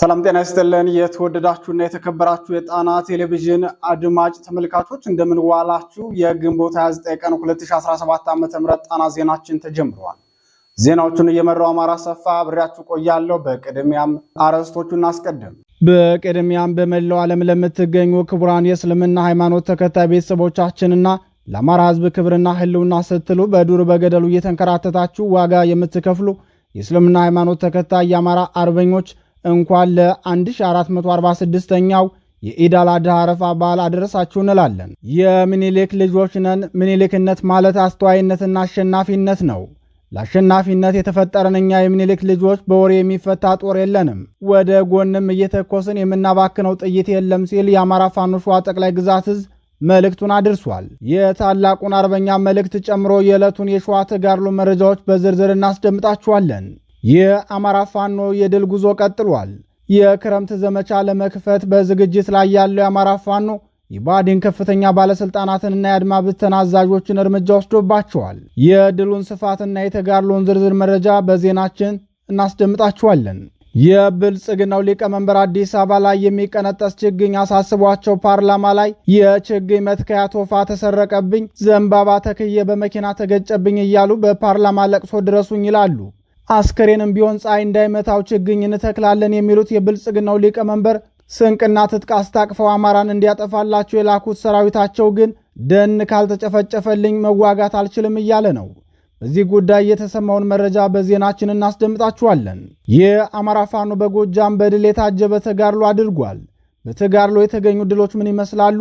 ሰላም ጤና ይስጥልን። የተወደዳችሁና የተከበራችሁ የጣና ቴሌቪዥን አድማጭ ተመልካቾች እንደምንዋላችሁ። የግንቦት 29 ቀን 2017 ዓ.ም ጣና ዜናችን ተጀምረዋል። ዜናዎቹን እየመራው አማራ ሰፋ አብሬያችሁ ቆያለሁ። በቅድሚያም አርዕስቶቹን እናስቀድም። በቅድሚያም በመላው ዓለም ለምትገኙ ክቡራን የእስልምና ሃይማኖት ተከታይ ቤተሰቦቻችንና ለአማራ ሕዝብ ክብርና ሕልውና ስትሉ በዱር በገደሉ እየተንከራተታችሁ ዋጋ የምትከፍሉ የእስልምና ሃይማኖት ተከታይ የአማራ አርበኞች እንኳን ለ1446ኛው የኢዳል አድሃ አረፋ በዓል አደረሳችሁ እንላለን። የሚኒሊክ ልጆች ነን። ሚኒሊክነት ማለት አስተዋይነትና አሸናፊነት ነው። ለአሸናፊነት የተፈጠረን እኛ የሚኒሊክ ልጆች በወሬ የሚፈታ ጦር የለንም፣ ወደ ጎንም እየተኮስን የምናባክነው ጥይት የለም ሲል የአማራ ፋኖ ሸዋ ጠቅላይ ግዛት እዝ መልእክቱን አድርሷል። የታላቁን አርበኛ መልእክት ጨምሮ የዕለቱን የሸዋ ተጋድሎ መረጃዎች በዝርዝር እናስደምጣችኋለን። የአማራ ፋኖ የድል ጉዞ ቀጥሏል። የክረምት ዘመቻ ለመክፈት በዝግጅት ላይ ያለው የአማራ ፋኖ የባዴን ከፍተኛ ባለስልጣናትንና የአድማ ብተና አዛዦችን እርምጃ ወስዶባቸዋል። የድሉን ስፋትና የተጋድሎውን ዝርዝር መረጃ በዜናችን እናስደምጣችኋለን። የብልጽግናው ሊቀመንበር አዲስ አበባ ላይ የሚቀነጠስ ችግኝ አሳስቧቸው ፓርላማ ላይ የችግኝ መትከያ ቶፋ ተሰረቀብኝ፣ ዘንባባ ተክዬ በመኪና ተገጨብኝ እያሉ በፓርላማ ለቅሶ ድረሱኝ ይላሉ። አስከሬንም ቢሆን ፀሐይ እንዳይመታው ችግኝ እንተክላለን የሚሉት የብልጽግናው ሊቀመንበር ስንቅና ትጥቅ አስታቅፈው አማራን እንዲያጠፋላቸው የላኩት ሰራዊታቸው ግን ደን ካልተጨፈጨፈልኝ መዋጋት አልችልም እያለ ነው። በዚህ ጉዳይ የተሰማውን መረጃ በዜናችን እናስደምጣችኋለን። የአማራ ፋኖ በጎጃም በድል የታጀበ ተጋድሎ አድርጓል። በተጋድሎ የተገኙ ድሎች ምን ይመስላሉ?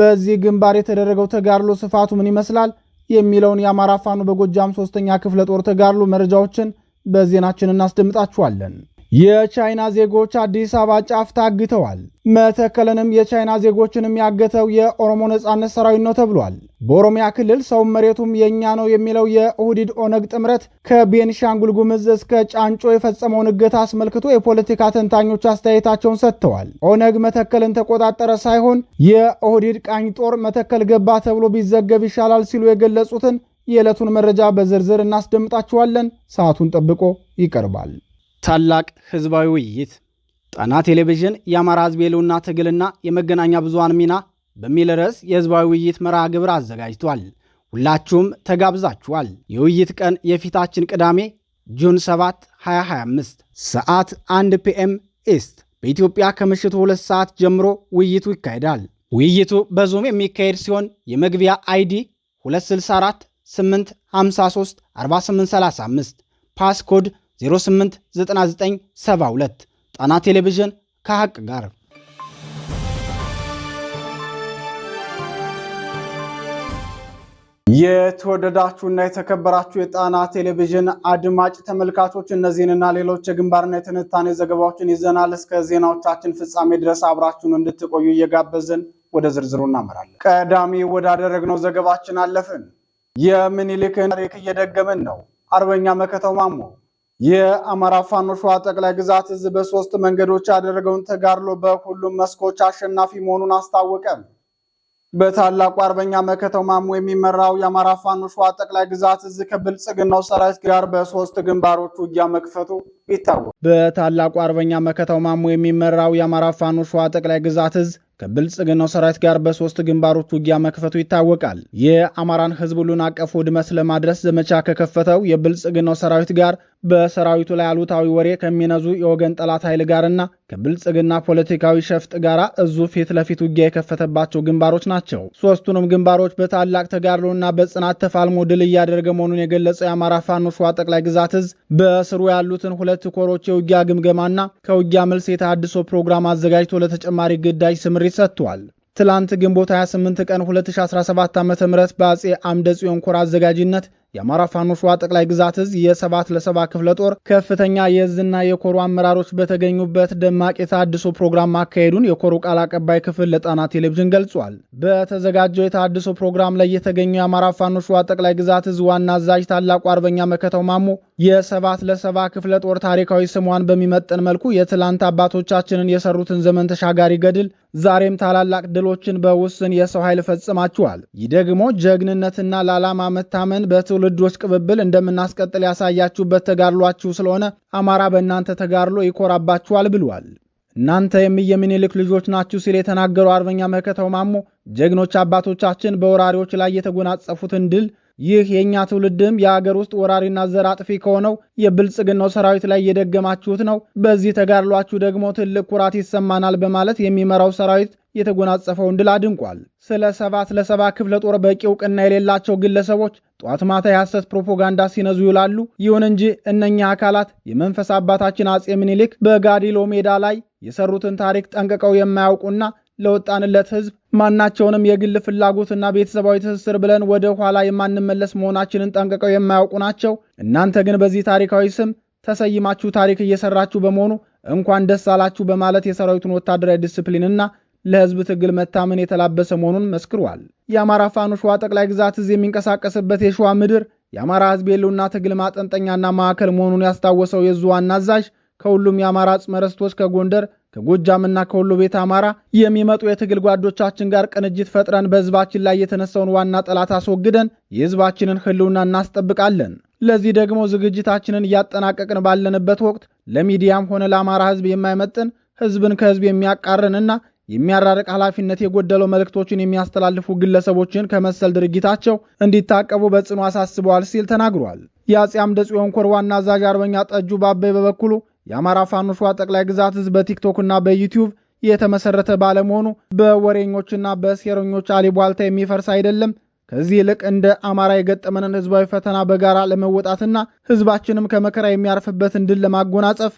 በዚህ ግንባር የተደረገው ተጋድሎ ስፋቱ ምን ይመስላል? የሚለውን የአማራ ፋኖ በጎጃም ሶስተኛ ክፍለ ጦር ተጋድሎ መረጃዎችን በዜናችን እናስደምጣችኋለን። የቻይና ዜጎች አዲስ አበባ ጫፍ ታግተዋል። መተከልንም የቻይና ዜጎችንም ያገተው የኦሮሞ ነጻነት ሰራዊት ነው ተብሏል። በኦሮሚያ ክልል ሰውም መሬቱም የእኛ ነው የሚለው የኦህዲድ ኦነግ ጥምረት ከቤንሻንጉል ጉምዝ እስከ ጫንጮ የፈጸመውን እገታ አስመልክቶ የፖለቲካ ተንታኞች አስተያየታቸውን ሰጥተዋል። ኦነግ መተከልን ተቆጣጠረ ሳይሆን የኦህዲድ ቃኝ ጦር መተከል ገባ ተብሎ ቢዘገብ ይሻላል ሲሉ የገለጹትን የዕለቱን መረጃ በዝርዝር እናስደምጣችኋለን። ሰዓቱን ጠብቆ ይቀርባል። ታላቅ ህዝባዊ ውይይት ጣና ቴሌቪዥን የአማራ ህዝብ የህልውና ትግልና የመገናኛ ብዙሃን ሚና በሚል ርዕስ የህዝባዊ ውይይት መርሃ ግብር አዘጋጅቷል። ሁላችሁም ተጋብዛችኋል። የውይይት ቀን የፊታችን ቅዳሜ ጁን 7 2025 ሰዓት 1 ፒኤም ኢስት በኢትዮጵያ ከምሽቱ ሁለት ሰዓት ጀምሮ ውይይቱ ይካሄዳል። ውይይቱ በዙም የሚካሄድ ሲሆን የመግቢያ አይዲ 264 8 53 48 35 ፓስኮድ 089972 ጣና ቴሌቪዥን ከሀቅ ጋር የተወደዳችሁና የተከበራችሁ የጣና ቴሌቪዥን አድማጭ ተመልካቾች እነዚህንና ሌሎች የግንባርና የትንታኔ ዘገባዎችን ይዘናል። እስከ ዜናዎቻችን ፍጻሜ ድረስ አብራችሁን እንድትቆዩ እየጋበዝን ወደ ዝርዝሩ እናመራለን። ቀዳሚ ወዳደረግነው ዘገባችን አለፍን። የምኒልክን ታሪክ እየደገምን ነው። አርበኛ መከተው ማሞ የአማራ ፋኖ ሸዋ ጠቅላይ ግዛት እዝ በሶስት መንገዶች ያደረገውን ተጋድሎ በሁሉም መስኮች አሸናፊ መሆኑን አስታወቀ። በታላቁ አርበኛ መከተው ማሞ የሚመራው የአማራ ፋኖ ሸዋ ጠቅላይ ግዛት እዝ ከብልጽግናው ሰራዊት ጋር በሶስት ግንባሮች ውጊያ መክፈቱ ይታወቃል። በታላቁ አርበኛ መከተው ማሞ የሚመራው የአማራ ፋኖ ሸዋ ጠቅላይ ግዛት እዝ ከብልጽግናው ሰራዊት ጋር በሶስት ግንባሮች ውጊያ መክፈቱ ይታወቃል። የአማራን ህዝብ ሁሉን አቀፍ ውድመት ለማድረስ ዘመቻ ከከፈተው የብልጽግናው ሰራዊት ጋር በሰራዊቱ ላይ አሉታዊ ወሬ ከሚነዙ የወገን ጠላት ኃይል ጋርና ከብልጽግና ፖለቲካዊ ሸፍጥ ጋር እዙ ፊት ለፊት ውጊያ የከፈተባቸው ግንባሮች ናቸው። ሶስቱንም ግንባሮች በታላቅ ተጋድሎና በጽናት ተፋልሞ ድል እያደረገ መሆኑን የገለጸው የአማራ ፋኖ ሸዋ ጠቅላይ ግዛት እዝ በስሩ ያሉትን ሁለት ኮሮች የውጊያ ግምገማና ከውጊያ መልስ የተሃድሶ ፕሮግራም አዘጋጅቶ ለተጨማሪ ግዳጅ ስምሪት ሰጥቷል። ትላንት ግንቦት 28 ቀን 2017 ዓ ም በአጼ አምደ ጽዮን ኮር አዘጋጅነት የአማራ ፋኖ ሸዋ ጠቅላይ ግዛት እዝ የሰባት ለሰባ ክፍለ ጦር ከፍተኛ የእዝና የኮሮ አመራሮች በተገኙበት ደማቅ የታድሶ ፕሮግራም ማካሄዱን የኮሮ ቃል አቀባይ ክፍል ለጣና ቴሌቪዥን ገልጿል። በተዘጋጀው የታድሶ ፕሮግራም ላይ የተገኘው የአማራ ፋኖ ሸዋ ጠቅላይ ግዛት እዝ ዋና አዛዥ ታላቁ አርበኛ መከተው ማሞ የሰባት ለሰባ ክፍለ ጦር ታሪካዊ ስሟን በሚመጥን መልኩ የትላንት አባቶቻችንን የሰሩትን ዘመን ተሻጋሪ ገድል ዛሬም ታላላቅ ድሎችን በውስን የሰው ኃይል ፈጽማችኋል። ይህ ደግሞ ጀግንነትና ለዓላማ መታመን በትውልዶች ቅብብል እንደምናስቀጥል ያሳያችሁበት ተጋድሏችሁ ስለሆነ አማራ በእናንተ ተጋድሎ ይኮራባችኋል ብሏል። እናንተ የሚየ ልጆች ናችሁ ሲል የተናገሩ አርበኛ መከተው ማሞ ጀግኖች አባቶቻችን በወራሪዎች ላይ የተጎናጸፉትን ድል ይህ የእኛ ትውልድም የአገር ውስጥ ወራሪና ዘር አጥፊ ከሆነው የብልጽግናው ሰራዊት ላይ የደገማችሁት ነው። በዚህ ተጋድሏችሁ ደግሞ ትልቅ ኩራት ይሰማናል በማለት የሚመራው ሰራዊት የተጎናጸፈውን ድል አድንቋል። ስለ ሰባት ለሰባ ክፍለ ጦር በቂ እውቅና የሌላቸው ግለሰቦች ጧት ማታ የሐሰት ፕሮፓጋንዳ ሲነዙ ይውላሉ። ይሁን እንጂ እነኛ አካላት የመንፈስ አባታችን አጼ ምኒልክ በጋዲሎ ሜዳ ላይ የሰሩትን ታሪክ ጠንቅቀው የማያውቁና ለወጣንለት ህዝብ ማናቸውንም የግል ፍላጎትና ቤተሰባዊ ትስስር ብለን ወደ ኋላ የማንመለስ መሆናችንን ጠንቅቀው የማያውቁ ናቸው። እናንተ ግን በዚህ ታሪካዊ ስም ተሰይማችሁ ታሪክ እየሰራችሁ በመሆኑ እንኳን ደስ አላችሁ በማለት የሰራዊቱን ወታደራዊ ዲስፕሊንና ለህዝብ ትግል መታመን የተላበሰ መሆኑን መስክሯል። የአማራ ፋኖ ሸዋ ጠቅላይ ግዛት እዚህ የሚንቀሳቀስበት የሸዋ ምድር የአማራ ህዝብ የህልውና ትግል ማጠንጠኛና ማዕከል መሆኑን ያስታወሰው የዙ ዋና አዛዥ ከሁሉም የአማራ ጽመረስቶች ከጎንደር ከጎጃምና ከወሎ ቤት አማራ የሚመጡ የትግል ጓዶቻችን ጋር ቅንጅት ፈጥረን በህዝባችን ላይ የተነሳውን ዋና ጠላት አስወግደን የህዝባችንን ህልውና እናስጠብቃለን። ለዚህ ደግሞ ዝግጅታችንን እያጠናቀቅን ባለንበት ወቅት ለሚዲያም ሆነ ለአማራ ህዝብ የማይመጥን ህዝብን ከሕዝብ የሚያቃርንና የሚያራርቅ ኃላፊነት የጎደለው መልእክቶችን የሚያስተላልፉ ግለሰቦችን ከመሰል ድርጊታቸው እንዲታቀቡ በጽኑ አሳስበዋል ሲል ተናግሯል። የአጼ አምደ ጽዮን ኮር ዋና አዛዥ አርበኛ ጠጁ ባበይ በበኩሉ የአማራ ፋኖ ሸዋ ጠቅላይ ግዛት እዝ በቲክቶክና በዩቲዩብ የተመሰረተ ባለመሆኑ በወሬኞችና በሴረኞች አሊቧልታ የሚፈርስ አይደለም። ከዚህ ይልቅ እንደ አማራ የገጠመንን ህዝባዊ ፈተና በጋራ ለመወጣትና ህዝባችንም ከመከራ የሚያርፍበትን ድል ለማጎናጸፍ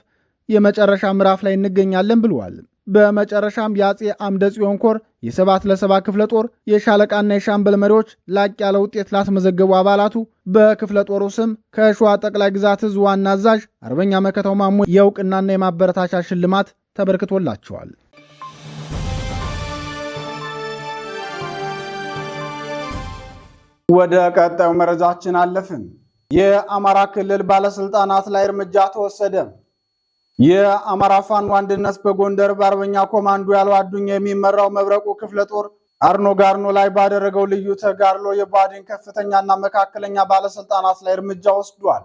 የመጨረሻ ምዕራፍ ላይ እንገኛለን ብለዋል። በመጨረሻም የአጼ አምደ ጽዮን ኮር የሰባት ለሰባ ክፍለ ጦር የሻለቃና የሻምበል መሪዎች ላቅ ያለ ውጤት ላስመዘገቡ አባላቱ በክፍለ ጦሩ ስም ከሸዋ ጠቅላይ ግዛት እዝ ዋና አዛዥ አርበኛ መከታው ማሞ የእውቅናና የማበረታቻ ሽልማት ተበርክቶላቸዋል። ወደ ቀጣዩ መረጃችን አለፍን። የአማራ ክልል ባለስልጣናት ላይ እርምጃ ተወሰደ። የአማራ ፋኖ አንድነት በጎንደር በአርበኛ ኮማንዶ ያለው አዱኛ የሚመራው መብረቁ ክፍለ ጦር አርኖ ጋርኖ ላይ ባደረገው ልዩ ተጋድሎ የባዴን ከፍተኛና መካከለኛ ባለስልጣናት ላይ እርምጃ ወስዷል።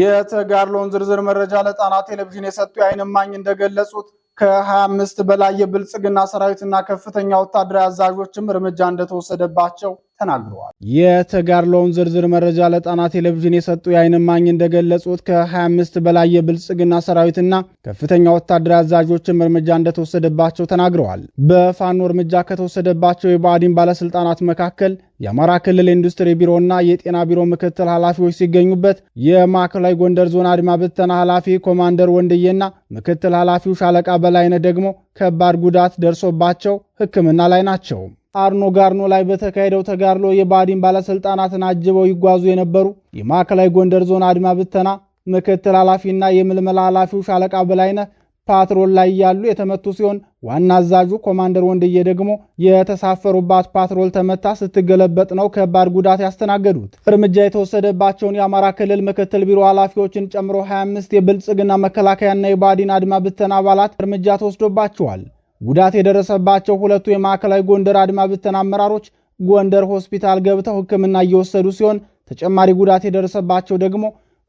የተጋድሎውን ዝርዝር መረጃ ለጣና ቴሌቪዥን የሰጡ የዓይን እማኝ እንደገለጹት ከ25 በላይ የብልጽግና ሰራዊትና ከፍተኛ ወታደራዊ አዛዦችም እርምጃ እንደተወሰደባቸው ተናግረዋል። የተጋድሎውን ዝርዝር መረጃ ለጣና ቴሌቪዥን የሰጡ የዓይን እማኝ እንደገለጹት ከ25 በላይ የብልጽግና ሰራዊትና ከፍተኛ ወታደራዊ አዛዦችም እርምጃ እንደተወሰደባቸው ተናግረዋል። በፋኖ እርምጃ ከተወሰደባቸው የባዲን ባለስልጣናት መካከል የአማራ ክልል ኢንዱስትሪ ቢሮና የጤና ቢሮ ምክትል ኃላፊዎች ሲገኙበት የማዕከላዊ ጎንደር ዞን አድማ ብተና ኃላፊ ኮማንደር ወንድዬና ምክትል ኃላፊው ሻለቃ በላይነ ደግሞ ከባድ ጉዳት ደርሶባቸው ሕክምና ላይ ናቸው። አርኖ ጋርኖ ላይ በተካሄደው ተጋድሎ የባዲን ባለስልጣናትን አጅበው ይጓዙ የነበሩ የማዕከላዊ ጎንደር ዞን አድማ ብተና ምክትል ኃላፊና የምልመላ ኃላፊው ሻለቃ በላይነህ ፓትሮል ላይ ያሉ የተመቱ ሲሆን ዋና አዛዡ ኮማንደር ወንድዬ ደግሞ የተሳፈሩባት ፓትሮል ተመታ ስትገለበጥ ነው ከባድ ጉዳት ያስተናገዱት። እርምጃ የተወሰደባቸውን የአማራ ክልል ምክትል ቢሮ ኃላፊዎችን ጨምሮ 25 የብልጽግና መከላከያና የባዲን አድማ ብተና አባላት እርምጃ ተወስዶባቸዋል። ጉዳት የደረሰባቸው ሁለቱ የማዕከላዊ ጎንደር አድማ ብተን አመራሮች ጎንደር ሆስፒታል ገብተው ሕክምና እየወሰዱ ሲሆን ተጨማሪ ጉዳት የደረሰባቸው ደግሞ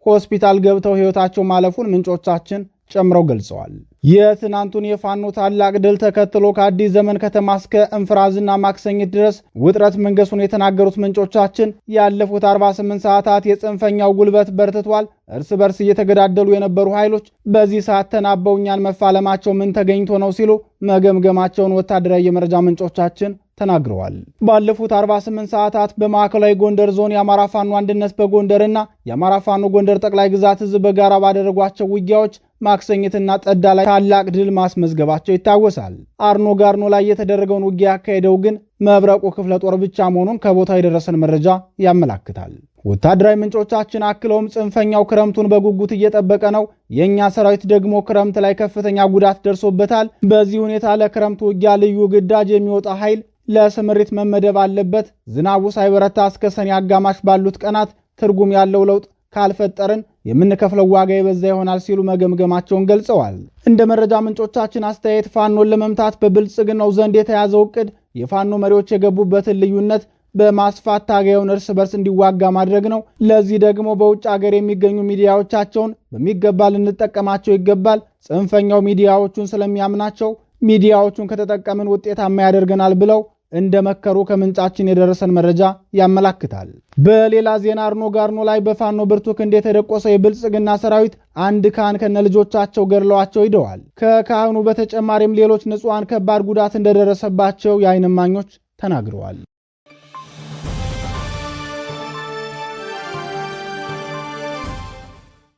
ሆስፒታል ገብተው ሕይወታቸው ማለፉን ምንጮቻችን ጨምረው ገልጸዋል። የትናንቱን የፋኖ ታላቅ ድል ተከትሎ ከአዲስ ዘመን ከተማ እስከ እንፍራዝና ማክሰኝት ድረስ ውጥረት መንገሱን የተናገሩት ምንጮቻችን ያለፉት 48 ሰዓታት የጽንፈኛው ጉልበት በርትቷል፣ እርስ በርስ እየተገዳደሉ የነበሩ ኃይሎች በዚህ ሰዓት ተናበው እኛን መፋለማቸው ምን ተገኝቶ ነው ሲሉ መገምገማቸውን ወታደራዊ የመረጃ ምንጮቻችን ተናግረዋል። ባለፉት 48 ሰዓታት በማዕከላዊ ጎንደር ዞን የአማራ ፋኖ አንድነት በጎንደርና የአማራ ፋኖ ጎንደር ጠቅላይ ግዛት ህዝብ በጋራ ባደረጓቸው ውጊያዎች ማክሰኝትና ጠዳ ላይ ታላቅ ድል ማስመዝገባቸው ይታወሳል። አርኖ ጋርኖ ላይ የተደረገውን ውጊያ ያካሄደው ግን መብረቁ ክፍለ ጦር ብቻ መሆኑን ከቦታው የደረሰን መረጃ ያመላክታል። ወታደራዊ ምንጮቻችን አክለውም ጽንፈኛው ክረምቱን በጉጉት እየጠበቀ ነው፣ የእኛ ሰራዊት ደግሞ ክረምት ላይ ከፍተኛ ጉዳት ደርሶበታል። በዚህ ሁኔታ ለክረምቱ ውጊያ ልዩ ግዳጅ የሚወጣ ኃይል ለስምሪት መመደብ አለበት። ዝናቡ ሳይበረታ እስከ ሰኔ አጋማሽ ባሉት ቀናት ትርጉም ያለው ለውጥ ካልፈጠርን የምንከፍለው ዋጋ የበዛ ይሆናል ሲሉ መገምገማቸውን ገልጸዋል። እንደ መረጃ ምንጮቻችን አስተያየት ፋኖን ለመምታት በብልጽግናው ዘንድ የተያዘው ውቅድ የፋኖ መሪዎች የገቡበትን ልዩነት በማስፋት ታጋዩን እርስ በርስ እንዲዋጋ ማድረግ ነው። ለዚህ ደግሞ በውጭ ሀገር የሚገኙ ሚዲያዎቻቸውን በሚገባ ልንጠቀማቸው ይገባል። ጽንፈኛው ሚዲያዎቹን ስለሚያምናቸው ሚዲያዎቹን ከተጠቀምን ውጤታማ ያደርገናል ብለው እንደመከሩ ከምንጫችን የደረሰን መረጃ ያመላክታል። በሌላ ዜና አርኖ ጋርኖ ላይ በፋኖ ብርቱ ክንድ የተደቆሰ የብልጽግና ሰራዊት አንድ ካህን ከነልጆቻቸው ገድለዋቸው ሂደዋል። ከካህኑ በተጨማሪም ሌሎች ንጹሐን ከባድ ጉዳት እንደደረሰባቸው የዓይን እማኞች ተናግረዋል።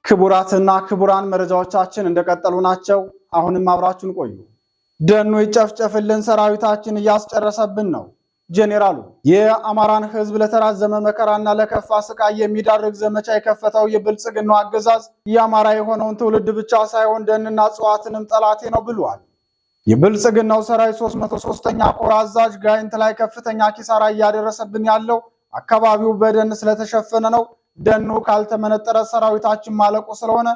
ክቡራትና ክቡራን መረጃዎቻችን እንደቀጠሉ ናቸው። አሁንም አብራችሁን ቆዩ። ደኑ ይጨፍጨፍልን፣ ሰራዊታችን እያስጨረሰብን ነው። ጄኔራሉ የአማራን ህዝብ ለተራዘመ መከራና ለከፋ ስቃይ የሚዳርግ ዘመቻ የከፈተው የብልጽግናው አገዛዝ የአማራ የሆነውን ትውልድ ብቻ ሳይሆን ደንና እጽዋትንም ጠላቴ ነው ብሏል። የብልጽግናው ሰራዊት 303ኛ ኮር አዛዥ ጋይንት ላይ ከፍተኛ ኪሳራ እያደረሰብን ያለው አካባቢው በደን ስለተሸፈነ ነው። ደኑ ካልተመነጠረ ሰራዊታችን ማለቁ ስለሆነ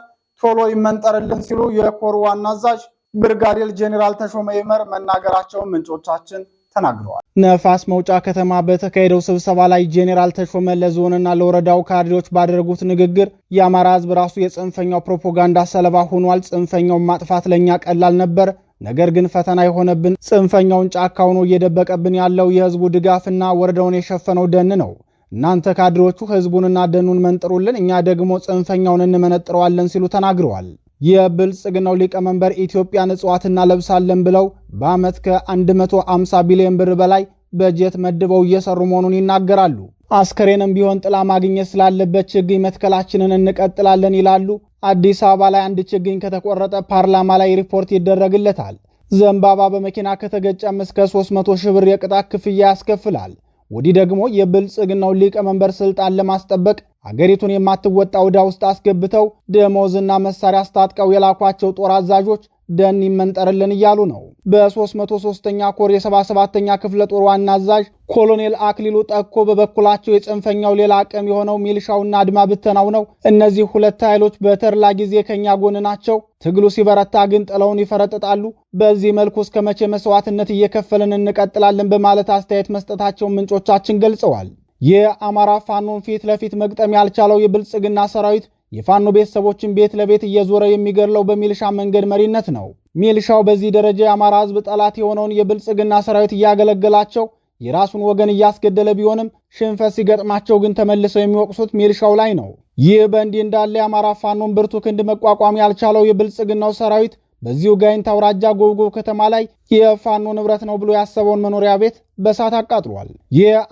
ቶሎ ይመንጠርልን ሲሉ የኮር ዋና አዛዥ ብርጋዴር ጄኔራል ተሾመ ይመር መናገራቸውን ምንጮቻችን ተናግረዋል። ነፋስ መውጫ ከተማ በተካሄደው ስብሰባ ላይ ጄኔራል ተሾመ ለዞንና ለወረዳው ካድሬዎች ባደረጉት ንግግር የአማራ ሕዝብ ራሱ የጽንፈኛው ፕሮፓጋንዳ ሰለባ ሆኗል። ጽንፈኛውን ማጥፋት ለእኛ ቀላል ነበር። ነገር ግን ፈተና የሆነብን ጽንፈኛውን ጫካ ሆኖ እየደበቀብን ያለው የህዝቡ ድጋፍና ወረዳውን የሸፈነው ደን ነው። እናንተ ካድሬዎቹ ህዝቡንና ደኑን መንጥሩልን፣ እኛ ደግሞ ጽንፈኛውን እንመነጥረዋለን ሲሉ ተናግረዋል። የብልጽግናው ሊቀመንበር ኢትዮጵያን እጽዋት እናለብሳለን ብለው በዓመት ከ150 ቢሊዮን ብር በላይ በጀት መድበው እየሰሩ መሆኑን ይናገራሉ። አስከሬንም ቢሆን ጥላ ማግኘት ስላለበት ችግኝ መትከላችንን እንቀጥላለን ይላሉ። አዲስ አበባ ላይ አንድ ችግኝ ከተቆረጠ ፓርላማ ላይ ሪፖርት ይደረግለታል። ዘንባባ በመኪና ከተገጨም እስከ 300 ሺህ ብር የቅጣት ክፍያ ያስከፍላል። ወዲህ ደግሞ የብልጽግናው ሊቀመንበር ስልጣን ለማስጠበቅ አገሪቱን የማትወጣ ዕዳ ውስጥ አስገብተው ደሞዝና መሳሪያ አስታጥቀው የላኳቸው ጦር አዛዦች ደን ይመንጠርልን እያሉ ነው። በ303ኛ ኮር የ77ኛ ክፍለ ጦር ዋና አዛዥ ኮሎኔል አክሊሉ ጠኮ በበኩላቸው የጽንፈኛው ሌላ አቅም የሆነው ሚልሻውና አድማ ብተናው ነው። እነዚህ ሁለት ኃይሎች በተርላ ጊዜ ከኛ ጎን ናቸው። ትግሉ ሲበረታ ግን ጥለውን ይፈረጥጣሉ። በዚህ መልኩ እስከ መቼ መስዋዕትነት እየከፈልን እንቀጥላለን? በማለት አስተያየት መስጠታቸውን ምንጮቻችን ገልጸዋል። የአማራ ፋኖን ፊት ለፊት መግጠም ያልቻለው የብልጽግና ሰራዊት የፋኖ ቤተሰቦችን ቤት ለቤት እየዞረ የሚገድለው በሚልሻ መንገድ መሪነት ነው። ሚልሻው በዚህ ደረጃ የአማራ ህዝብ ጠላት የሆነውን የብልጽግና ሰራዊት እያገለገላቸው የራሱን ወገን እያስገደለ ቢሆንም ሽንፈት ሲገጥማቸው ግን ተመልሰው የሚወቅሱት ሚልሻው ላይ ነው። ይህ በእንዲህ እንዳለ የአማራ ፋኖን ብርቱ ክንድ መቋቋም ያልቻለው የብልጽግናው ሰራዊት በዚሁ ጋይንት አውራጃ ጎብጎብ ከተማ ላይ የፋኖ ንብረት ነው ብሎ ያሰበውን መኖሪያ ቤት በእሳት አቃጥሏል።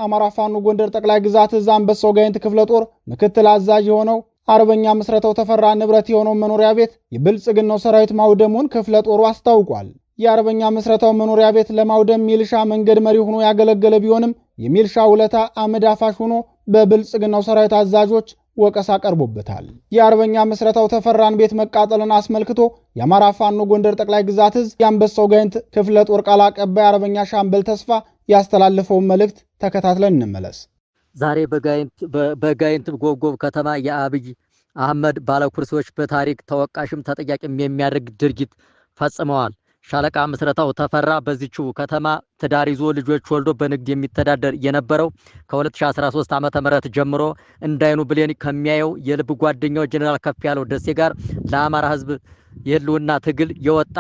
አማራ ፋኖ ጎንደር ጠቅላይ ግዛት እዝ አንበሳው ጋይንት ክፍለ ጦር ምክትል አዛዥ የሆነው አርበኛ ምስረተው ተፈራ ንብረት የሆነው መኖሪያ ቤት የብልጽግናው ሰራዊት ማውደሙን ክፍለ ጦሩ አስታውቋል። የአርበኛ ምስረታው መኖሪያ ቤት ለማውደም ሚልሻ መንገድ መሪ ሆኖ ያገለገለ ቢሆንም የሚልሻ ውለታ አመድ አፋሽ ሆኖ በብልጽግናው ሰራዊት አዛዦች ወቀሳ ቀርቦበታል። የአርበኛ ምስረታው ተፈራን ቤት መቃጠልን አስመልክቶ የአማራ ፋኖ ጎንደር ጠቅላይ ግዛት እዝ የአንበሳው ጋይንት ክፍለ ጦር ቃል አቀባይ አርበኛ ሻምበል ተስፋ ያስተላለፈውን መልእክት ተከታትለን እንመለስ። ዛሬ በጋይንት ጎብጎብ ከተማ የአብይ አህመድ ባለኩርሲዎች በታሪክ ተወቃሽም ተጠያቂም የሚያደርግ ድርጊት ፈጽመዋል። ሻለቃ ምስረታው ተፈራ በዚችው ከተማ ትዳር ይዞ ልጆች ወልዶ በንግድ የሚተዳደር የነበረው ከ2013 ዓ ም ጀምሮ እንዳይኑ ብሌን ከሚያየው የልብ ጓደኛው ጀኔራል ያለው ደሴ ጋር ለአማራ ህዝብ የህልውና ትግል የወጣ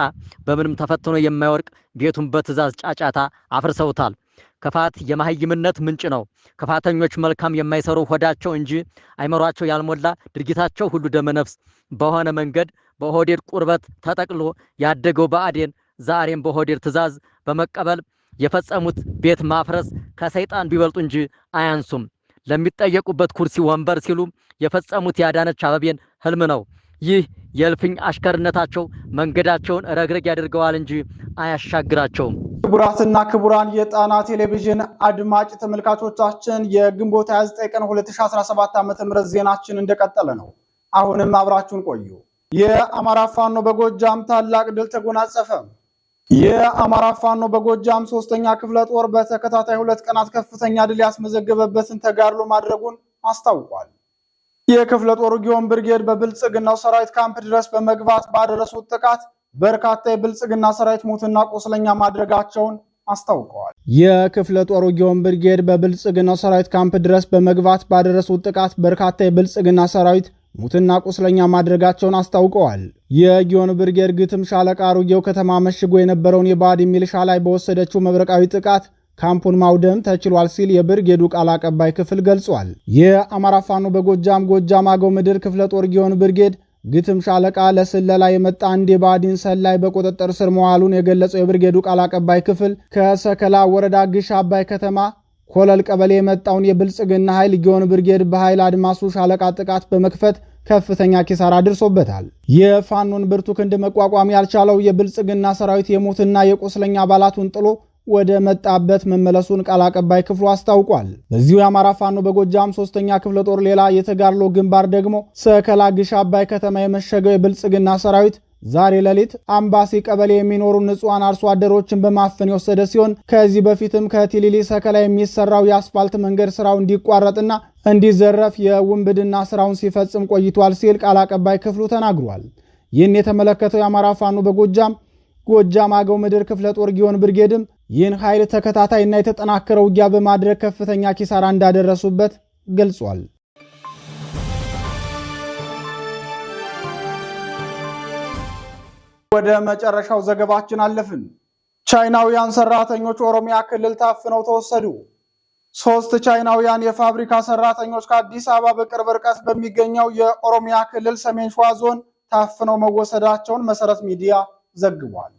በምንም ተፈትኖ የማይወርቅ ቤቱን በትዛዝ ጫጫታ አፍርሰውታል። ክፋት የማህይምነት ምንጭ ነው። ክፋተኞች መልካም የማይሰሩ ሆዳቸው እንጂ አይመሯቸው ያልሞላ ድርጊታቸው ሁሉ ደመነፍስ በሆነ መንገድ በሆዴድ ቁርበት ተጠቅሎ ያደገው በአዴን ዛሬም በሆዴድ ትዛዝ በመቀበል የፈጸሙት ቤት ማፍረስ ከሰይጣን ቢበልጡ እንጂ አያንሱም። ለሚጠየቁበት ኩርሲ ወንበር ሲሉ የፈጸሙት የአዳነች አበቤን ህልም ነው። ይህ የእልፍኝ አሽከርነታቸው መንገዳቸውን ረግረግ ያደርገዋል እንጂ አያሻግራቸውም። ክቡራትና ክቡራን የጣና ቴሌቪዥን አድማጭ ተመልካቾቻችን የግንቦት 29 ቀን 2017 ዓ ም ዜናችን እንደቀጠለ ነው። አሁንም አብራችሁን ቆዩ። የአማራ ፋኖ በጎጃም ታላቅ ድል ተጎናጸፈ። የአማራ ፋኖ በጎጃም ሶስተኛ ክፍለ ጦር በተከታታይ ሁለት ቀናት ከፍተኛ ድል ያስመዘገበበትን ተጋድሎ ማድረጉን አስታውቋል። የክፍለ ጦሩ ጊዮን ብርጌድ በብልጽግናው ሰራዊት ካምፕ ድረስ በመግባት ባደረሱት ጥቃት በርካታ የብልጽግና ሰራዊት ሞትና ቁስለኛ ማድረጋቸውን አስታውቀዋል። የክፍለ ጦሩ ጊዮን ብርጌድ በብልጽግናው ሰራዊት ካምፕ ድረስ በመግባት ባደረሱት ጥቃት በርካታ የብልጽግና ሰራዊት ሙትና ቁስለኛ ማድረጋቸውን አስታውቀዋል። የጊዮን ብርጌድ ግትም ሻለቃ አሮጌው ከተማ መሽጎ የነበረውን የባድ ሚልሻ ላይ በወሰደችው መብረቃዊ ጥቃት ካምፑን ማውደም ተችሏል ሲል የብርጌዱ ቃል አቀባይ ክፍል ገልጿል። የአማራ ፋኖ በጎጃም ጎጃም አገው ምድር ክፍለ ጦር ጊዮን ብርጌድ ግትም ሻለቃ ለስለላ የመጣ አንድ የባዲን ሰላይ በቁጥጥር ስር መዋሉን የገለጸው የብርጌዱ ቃል አቀባይ ክፍል ከሰከላ ወረዳ ግሽ አባይ ከተማ ኮለል ቀበሌ የመጣውን የብልጽግና ኃይል ጊዮን ብርጌድ በኃይል አድማሱ ሻለቃ ጥቃት በመክፈት ከፍተኛ ኪሳራ አድርሶበታል። የፋኖን ብርቱ ክንድ መቋቋም ያልቻለው የብልጽግና ሰራዊት የሞትና የቁስለኛ አባላቱን ጥሎ ወደ መጣበት መመለሱን ቃል አቀባይ ክፍሉ አስታውቋል። በዚሁ የአማራ ፋኖ በጎጃም ሶስተኛ ክፍለ ጦር ሌላ የተጋድሎ ግንባር ደግሞ ሰከላ ግሽ አባይ ከተማ የመሸገው የብልጽግና ሰራዊት ዛሬ ሌሊት አምባሲ ቀበሌ የሚኖሩ ንጹሐን አርሶ አደሮችን በማፈን የወሰደ ሲሆን ከዚህ በፊትም ከቲሊሊ ሰከላ የሚሰራው የአስፋልት መንገድ ስራው እንዲቋረጥና እንዲዘረፍ የውንብድና ስራውን ሲፈጽም ቆይቷል ሲል ቃል አቀባይ ክፍሉ ተናግሯል። ይህን የተመለከተው የአማራ ፋኖ በጎጃም ጎጃም አገው ምድር ክፍለ ጦር ጊዮን ብርጌድም ይህን ኃይል ተከታታይና የተጠናከረ ውጊያ በማድረግ ከፍተኛ ኪሳራ እንዳደረሱበት ገልጿል። ወደ መጨረሻው ዘገባችን አለፍን። ቻይናውያን ሰራተኞች ኦሮሚያ ክልል ታፍነው ተወሰዱ። ሶስት ቻይናውያን የፋብሪካ ሰራተኞች ከአዲስ አበባ በቅርብ ርቀት በሚገኘው የኦሮሚያ ክልል ሰሜን ሸዋ ዞን ታፍነው መወሰዳቸውን መሰረት ሚዲያ ዘግቧል።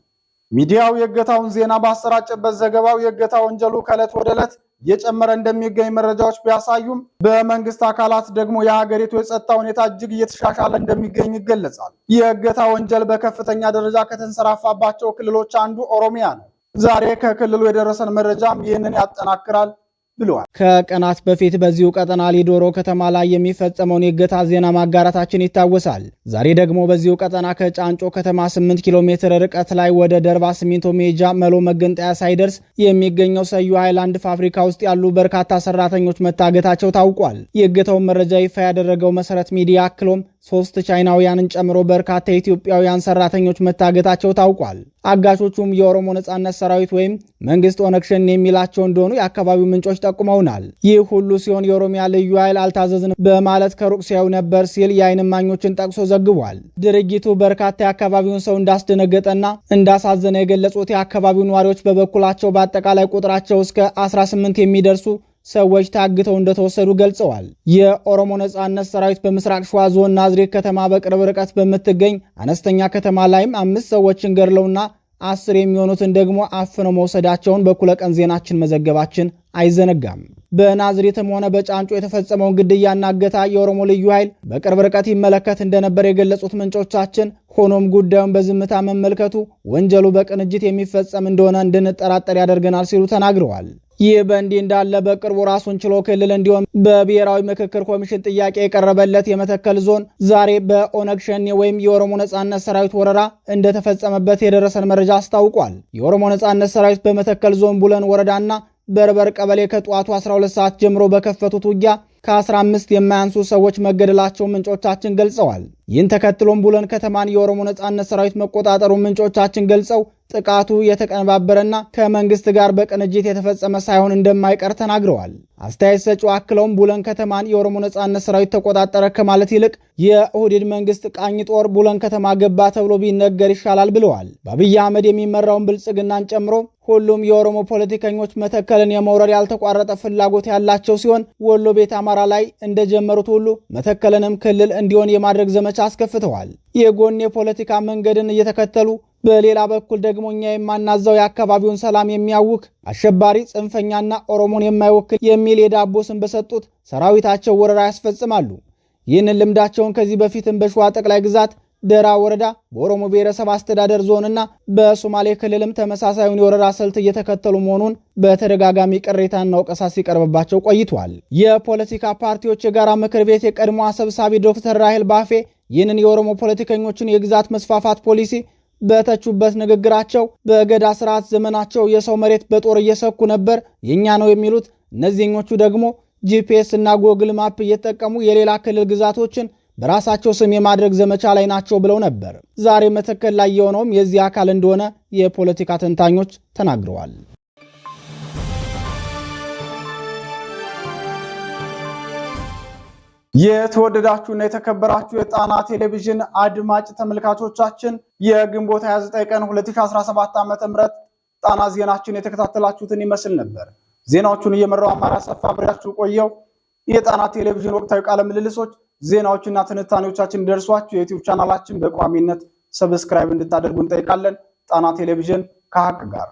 ሚዲያው የእገታውን ዜና ባሰራጨበት ዘገባው የእገታ ወንጀሉ ከዕለት ወደ ዕለት እየጨመረ እንደሚገኝ መረጃዎች ቢያሳዩም በመንግስት አካላት ደግሞ የሀገሪቱ የጸጥታ ሁኔታ እጅግ እየተሻሻለ እንደሚገኝ ይገለጻል። የእገታ ወንጀል በከፍተኛ ደረጃ ከተንሰራፋባቸው ክልሎች አንዱ ኦሮሚያ ነው። ዛሬ ከክልሉ የደረሰን መረጃም ይህንን ያጠናክራል። ብለዋል። ከቀናት በፊት በዚሁ ቀጠና ሊዶሮ ከተማ ላይ የሚፈጸመውን የእገታ ዜና ማጋራታችን ይታወሳል። ዛሬ ደግሞ በዚሁ ቀጠና ከጫንጮ ከተማ 8 ኪሎ ሜትር ርቀት ላይ ወደ ደርባ ሲሚንቶ ሜጃ መሎ መገንጠያ ሳይደርስ የሚገኘው ሰዩ ሃይላንድ ፋብሪካ ውስጥ ያሉ በርካታ ሰራተኞች መታገታቸው ታውቋል። የእገታውን መረጃ ይፋ ያደረገው መሰረት ሚዲያ አክሎም ሶስት ቻይናውያንን ጨምሮ በርካታ የኢትዮጵያውያን ሰራተኞች መታገታቸው ታውቋል። አጋቾቹም የኦሮሞ ነጻነት ሰራዊት ወይም መንግስት ኦነግ ሸኔ የሚላቸው እንደሆኑ የአካባቢው ምንጮች ጠቁመውናል። ይህ ሁሉ ሲሆን የኦሮሚያ ልዩ ኃይል አልታዘዝን በማለት ከሩቅ ሲያዩ ነበር ሲል የአይን እማኞችን ጠቅሶ ዘግቧል። ድርጊቱ በርካታ የአካባቢውን ሰው እንዳስደነገጠና እንዳሳዘነ የገለጹት የአካባቢው ነዋሪዎች በበኩላቸው በአጠቃላይ ቁጥራቸው እስከ 18 የሚደርሱ ሰዎች ታግተው እንደተወሰዱ ገልጸዋል። የኦሮሞ ነጻነት ሰራዊት በምስራቅ ሸዋ ዞን ናዝሬት ከተማ በቅርብ ርቀት በምትገኝ አነስተኛ ከተማ ላይም አምስት ሰዎችን ገድለውና አስር የሚሆኑትን ደግሞ አፍነው መውሰዳቸውን በኩለ ቀን ዜናችን መዘገባችን አይዘነጋም። በናዝሬትም ሆነ በጫንጮ የተፈጸመውን ግድያና እገታ የኦሮሞ ልዩ ኃይል በቅርብ ርቀት ይመለከት እንደነበር የገለጹት ምንጮቻችን፣ ሆኖም ጉዳዩን በዝምታ መመልከቱ ወንጀሉ በቅንጅት የሚፈጸም እንደሆነ እንድንጠራጠር ያደርገናል ሲሉ ተናግረዋል። ይህ በእንዲህ እንዳለ በቅርቡ ራሱን ችሎ ክልል እንዲሆን በብሔራዊ ምክክር ኮሚሽን ጥያቄ የቀረበለት የመተከል ዞን ዛሬ በኦነግ ሸኔ ወይም የኦሮሞ ነጻነት ሰራዊት ወረራ እንደተፈጸመበት የደረሰን መረጃ አስታውቋል። የኦሮሞ ነጻነት ሰራዊት በመተከል ዞን ቡለን ወረዳና በርበር ቀበሌ ከጠዋቱ 12 ሰዓት ጀምሮ በከፈቱት ውጊያ ከ15 የማያንሱ ሰዎች መገደላቸው ምንጮቻችን ገልጸዋል። ይህን ተከትሎም ቡለን ከተማን የኦሮሞ ነጻነት ሰራዊት መቆጣጠሩ ምንጮቻችን ገልጸው ጥቃቱ የተቀነባበረና ከመንግስት ጋር በቅንጅት የተፈጸመ ሳይሆን እንደማይቀር ተናግረዋል። አስተያየት ሰጪው አክለውም ቡለን ከተማን የኦሮሞ ነጻነት ሰራዊት ተቆጣጠረ ከማለት ይልቅ የኦህዴድ መንግስት ቃኝ ጦር ቡለን ከተማ ገባ ተብሎ ቢነገር ይሻላል ብለዋል። በአብይ አህመድ የሚመራውን ብልጽግናን ጨምሮ ሁሉም የኦሮሞ ፖለቲከኞች መተከልን የመውረር ያልተቋረጠ ፍላጎት ያላቸው ሲሆን ወሎ ቤት አማራ ላይ እንደጀመሩት ሁሉ መተከልንም ክልል እንዲሆን የማድረግ ዘመቻ አስከፍተዋል። የጎን የፖለቲካ መንገድን እየተከተሉ በሌላ በኩል ደግሞ እኛ የማናዛው የአካባቢውን ሰላም የሚያውክ አሸባሪ ጽንፈኛና ኦሮሞን የማይወክል የሚል የዳቦ ስም በሰጡት ሰራዊታቸው ወረራ ያስፈጽማሉ። ይህንን ልምዳቸውን ከዚህ በፊትም በሸዋ ጠቅላይ ግዛት ደራ ወረዳ በኦሮሞ ብሔረሰብ አስተዳደር ዞንና በሶማሌ ክልልም ተመሳሳዩን የወረራ ስልት እየተከተሉ መሆኑን በተደጋጋሚ ቅሬታና ወቀሳ ሲቀርብባቸው ቆይቷል። የፖለቲካ ፓርቲዎች የጋራ ምክር ቤት የቀድሞ አሰብሳቢ ዶክተር ራሄል ባፌ ይህንን የኦሮሞ ፖለቲከኞችን የግዛት መስፋፋት ፖሊሲ በተቹበት ንግግራቸው በገዳ ስርዓት ዘመናቸው የሰው መሬት በጦር እየሰኩ ነበር የእኛ ነው የሚሉት እነዚህኞቹ ደግሞ ጂፒኤስ እና ጎግል ማፕ እየተጠቀሙ የሌላ ክልል ግዛቶችን በራሳቸው ስም የማድረግ ዘመቻ ላይ ናቸው ብለው ነበር። ዛሬ መተከል ላይ የሆነውም የዚህ አካል እንደሆነ የፖለቲካ ተንታኞች ተናግረዋል። የተወደዳችሁና የተከበራችሁ የጣና ቴሌቪዥን አድማጭ ተመልካቾቻችን የግንቦት 29 ቀን 2017 ዓ.ም ጣና ዜናችን የተከታተላችሁትን ይመስል ነበር። ዜናዎቹን እየመራው አማራ ሰፋ ብሬያችሁ ቆየው። የጣና ቴሌቪዥን ወቅታዊ ቃለ ምልልሶች ዜናዎችና ትንታኔዎቻችን ደርሷችሁ የዩቲዩብ ቻናላችን በቋሚነት ሰብስክራይብ እንድታደርጉ እንጠይቃለን። ጣና ቴሌቪዥን ከሀቅ ጋር